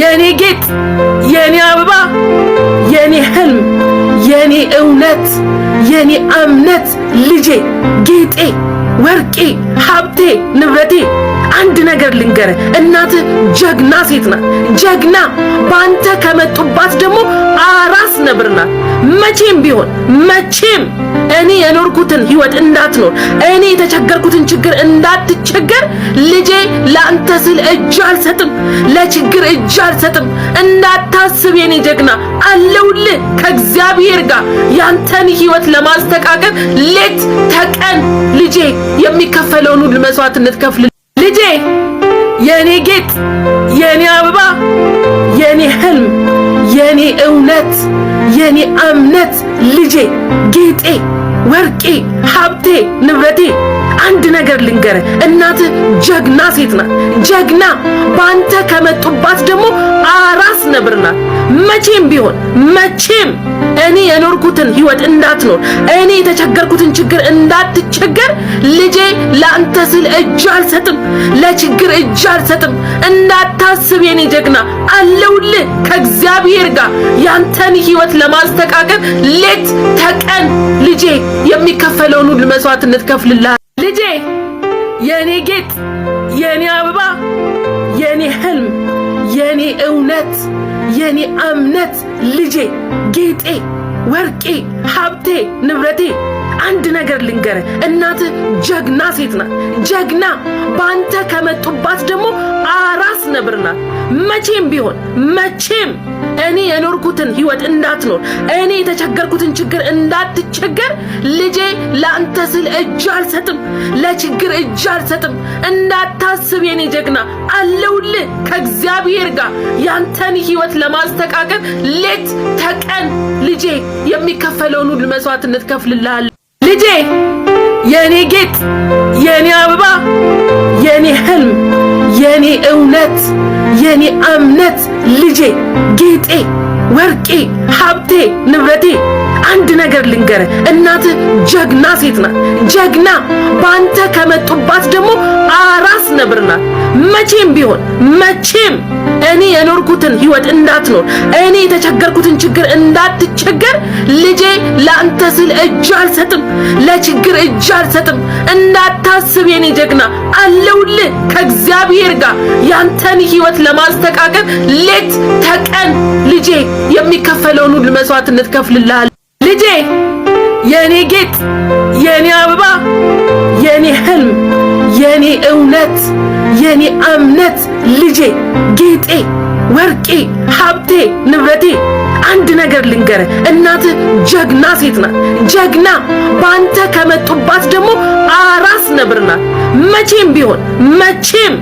የኔ ጌጥ፣ የኔ አበባ፣ የኔ ህልም፣ የኔ እውነት፣ የኔ እምነት፣ ልጄ፣ ጌጤ፣ ወርቄ፣ ሀብቴ፣ ንብረቴ አንድ ነገር ልንገረ፣ እናትህ ጀግና ሴት ናት። ጀግና ባንተ ከመጡባት ደግሞ አራስ ነብር ናት። መቼም ቢሆን መቼም እኔ የኖርኩትን ህይወት እንዳትኖር፣ እኔ የተቸገርኩትን ችግር እንዳትቸገር፣ ልጄ ለአንተ ስል እጅ አልሰጥም፣ ለችግር እጅ አልሰጥም። እንዳታስብ የኔ ጀግና አለውል ከእግዚአብሔር ጋር ያንተን ህይወት ለማስተካከል ሌት ተቀን ልጄ የሚከፈለውን ሁሉ መስዋዕትነት ከፍል። ልጄ፣ የኔ ጌጥ፣ የኔ አበባ፣ የኔ ህልም፣ የኔ እውነት፣ የኔ እምነት፣ ልጄ፣ ጌጤ፣ ወርቄ፣ ሀብቴ፣ ንብረቴ አንድ ነገር ልንገረ እናትህ ጀግና ሴት ናት። ጀግና በአንተ ከመጡባት ደግሞ አራስ ነብር ናት። መቼም ቢሆን መቼም እኔ የኖርኩትን ህይወት እንዳትኖር፣ እኔ የተቸገርኩትን ችግር እንዳትቸገር፣ ልጄ ለአንተ ስል እጅ አልሰጥም፣ ለችግር እጅ አልሰጥም። እንዳታስብ የኔ ጀግና አለውልህ ከእግዚአብሔር ጋር ያንተን ህይወት ለማስተካከል ሌት ተቀን ልጄ የሚከፈለውን ሁሉ መስዋዕትነት ከፍልልሃል። ልጄ፣ የእኔ ጌጥ፣ የእኔ አበባ፣ የእኔ ህልም፣ የእኔ እውነት፣ የእኔ እምነት፣ ልጄ፣ ጌጤ፣ ወርቄ፣ ሀብቴ፣ ንብረቴ አንድ ነገር ልንገርህ፣ እናትህ ጀግና ሴት ናት። ጀግና በአንተ ከመጡባት ደግሞ አራስ ነብር ናት። መቼም ቢሆን መቼም እኔ የኖርኩትን ህይወት እንዳትኖር፣ እኔ የተቸገርኩትን ችግር እንዳትቸገር፣ ልጄ ለአንተ ስል እጅ አልሰጥም፣ ለችግር እጅ አልሰጥም። እንዳታስብ የኔ ጀግና አለውልህ ከእግዚአብሔር ጋር ያንተን ህይወት ለማስተካከል ሌት ተቀን ልጄ የሚከፈለውን ሁሉ መስዋዕትነት ከፍልልሃል። ልጄ፣ የኔ ጌጥ፣ የኔ አበባ፣ የኔ ህልም፣ የኔ እውነት፣ የኔ እምነት፣ ልጄ ጌጤ ወርቄ፣ ሀብቴ፣ ንብረቴ አንድ ነገር ልንገረ፣ እናት ጀግና ሴት ናት። ጀግና ባንተ ከመጡባት ደግሞ አራስ ነብር ናት። መቼም ቢሆን መቼም እኔ የኖርኩትን ህይወት እንዳትኖር፣ እኔ የተቸገርኩትን ችግር እንዳትቸገር፣ ልጄ ለአንተ ስል እጅ አልሰጥም፣ ለችግር እጅ አልሰጥም። እንዳታስብ የኔ ጀግና አለውልህ ከእግዚአብሔር ጋር ያንተን ህይወት ለማስተካከል ሌት ተቀን የሚከፈለውን ሁሉ መስዋዕትነት ከፍልልሃል ልጄ፣ የኔ ጌጥ፣ የኔ አበባ፣ የኔ ህልም፣ የኔ እውነት፣ የኔ እምነት፣ ልጄ፣ ጌጤ፣ ወርቄ፣ ሀብቴ፣ ንብረቴ አንድ ነገር ልንገረ፣ እናትህ ጀግና ሴት ናት። ጀግና በአንተ ከመጡባት ደግሞ አራስ ነብር ናት። መቼም ቢሆን መቼም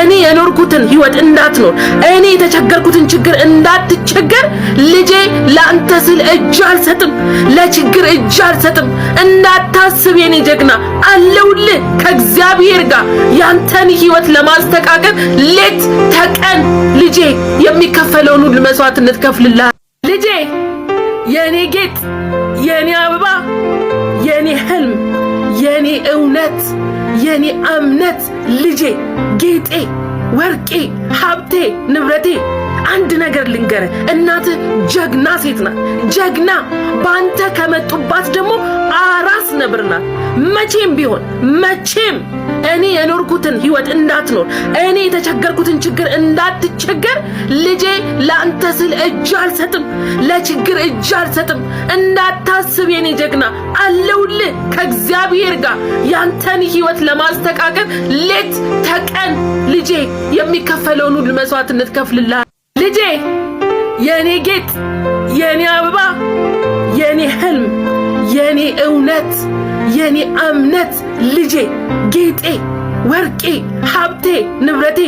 እኔ የኖርኩትን ህይወት እንዳትኖር፣ እኔ የተቸገርኩትን ችግር እንዳትቸገር፣ ልጄ ለአንተ ስል እጅ አልሰጥም፣ ለችግር እጅ አልሰጥም። እንዳታስብ የኔ ጀግና አለውልህ ከእግዚአብሔር ጋር ያንተን ህይወት ለማስተካከል ሌት ተቀን ልጄ የሚከፈለውን ሁሉ መስዋዕትነት ከፍልልሃል። የኔ ጌጥ፣ የኔ አበባ፣ የኔ ህልም፣ የኔ እውነት፣ የኔ እምነት፣ ልጄ፣ ጌጤ፣ ወርቄ፣ ሀብቴ፣ ንብረቴ አንድ ነገር ልንገርህ፣ እናትህ ጀግና ሴት ናት። ጀግና በአንተ ከመጡባት ደግሞ አራስ ነብር ናት። መቼም ቢሆን መቼም እኔ የኖርኩትን ህይወት እንዳትኖር፣ እኔ የተቸገርኩትን ችግር እንዳትቸገር፣ ልጄ ለአንተ ስል እጅ አልሰጥም፣ ለችግር እጅ አልሰጥም። እንዳታስብ የኔ ጀግና አለውልህ ከእግዚአብሔር ጋር ያንተን ህይወት ለማስተካከል ሌት ተቀን ልጄ የሚከፈለውን ሁሉ መስዋዕትነት ከፍልላል። የኔ ጌጥ፣ የኔ አበባ፣ የኔ ህልም፣ የኔ እውነት፣ የኔ እምነት፣ ልጄ፣ ጌጤ፣ ወርቄ፣ ሀብቴ፣ ንብረቴ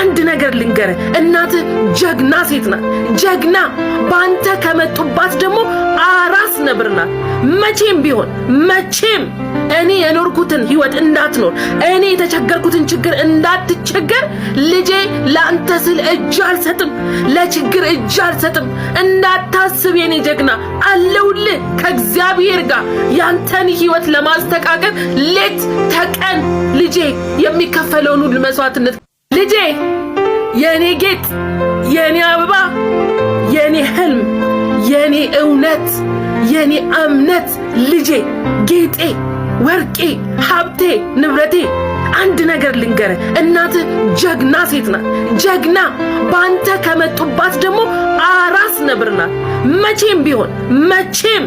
አንድ ነገር ልንገርህ፣ እናትህ ጀግና ሴት ናት። ጀግና በአንተ ከመጡባት ደግሞ አራስ ነብር ናት። መቼም ቢሆን መቼም እኔ የኖርኩትን ህይወት እንዳትኖር፣ እኔ የተቸገርኩትን ችግር እንዳትቸገር ልጄ ለአንተ ስል እጅ አልሰጥም፣ ለችግር እጅ አልሰጥም። እንዳታስብ የኔ ጀግና አለውልህ ከእግዚአብሔር ጋር ያንተን ህይወት ለማስተካከል ሌት ተቀን ልጄ የሚከፈለውን ሁሉ መስዋዕትነት ልጄ የእኔ ጌጥ፣ የእኔ አበባ፣ የእኔ ህልም፣ የእኔ እውነት፣ የእኔ እምነት ልጄ ጌጤ ወርቄ፣ ሀብቴ፣ ንብረቴ ነገር ልንገርህ፣ እናትህ ጀግና ሴት ናት። ጀግና በአንተ ከመጡባት ደግሞ አራስ ነብር ናት። መቼም ቢሆን መቼም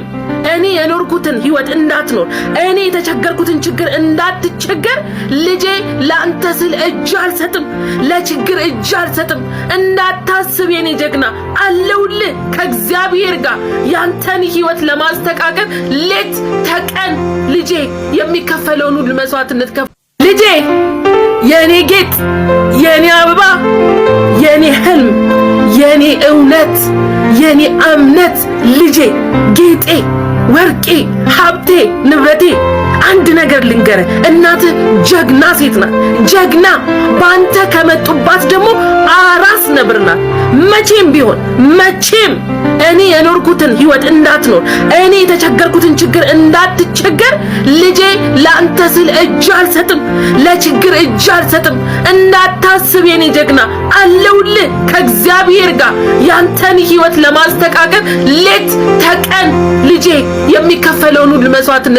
እኔ የኖርኩትን ህይወት እንዳትኖር፣ እኔ የተቸገርኩትን ችግር እንዳትቸገር፣ ልጄ ለአንተ ስል እጅ አልሰጥም፣ ለችግር እጅ አልሰጥም። እንዳታስብ የኔ ጀግና አለውልህ ከእግዚአብሔር ጋር ያንተን ህይወት ለማስተካከል ሌት ተቀን ልጄ የሚከፈለውን ሁሉ መስዋዕትነት ከፍ ልጄ፣ የኔ ጌጥ፣ የኔ አበባ፣ የኔ ህልም፣ የኔ እውነት፣ የኔ እምነት፣ ልጄ፣ ጌጤ፣ ወርቄ፣ ሀብቴ፣ ንብረቴ አንድ ነገር ልንገረ፣ እናትህ ጀግና ሴት ናት። ጀግና በአንተ ከመጡባት ደግሞ ነብር ናት። መቼም ቢሆን መቼም እኔ የኖርኩትን ህይወት እንዳትኖር፣ እኔ የተቸገርኩትን ችግር እንዳትቸገር ልጄ ለአንተ ስል እጅ አልሰጥም፣ ለችግር እጅ አልሰጥም። እንዳታስብ የኔ ጀግና አለውልህ ከእግዚአብሔር ጋር ያንተን ህይወት ለማስተካከል ሌት ተቀን ልጄ የሚከፈለውን ሁሉ መስዋዕትነት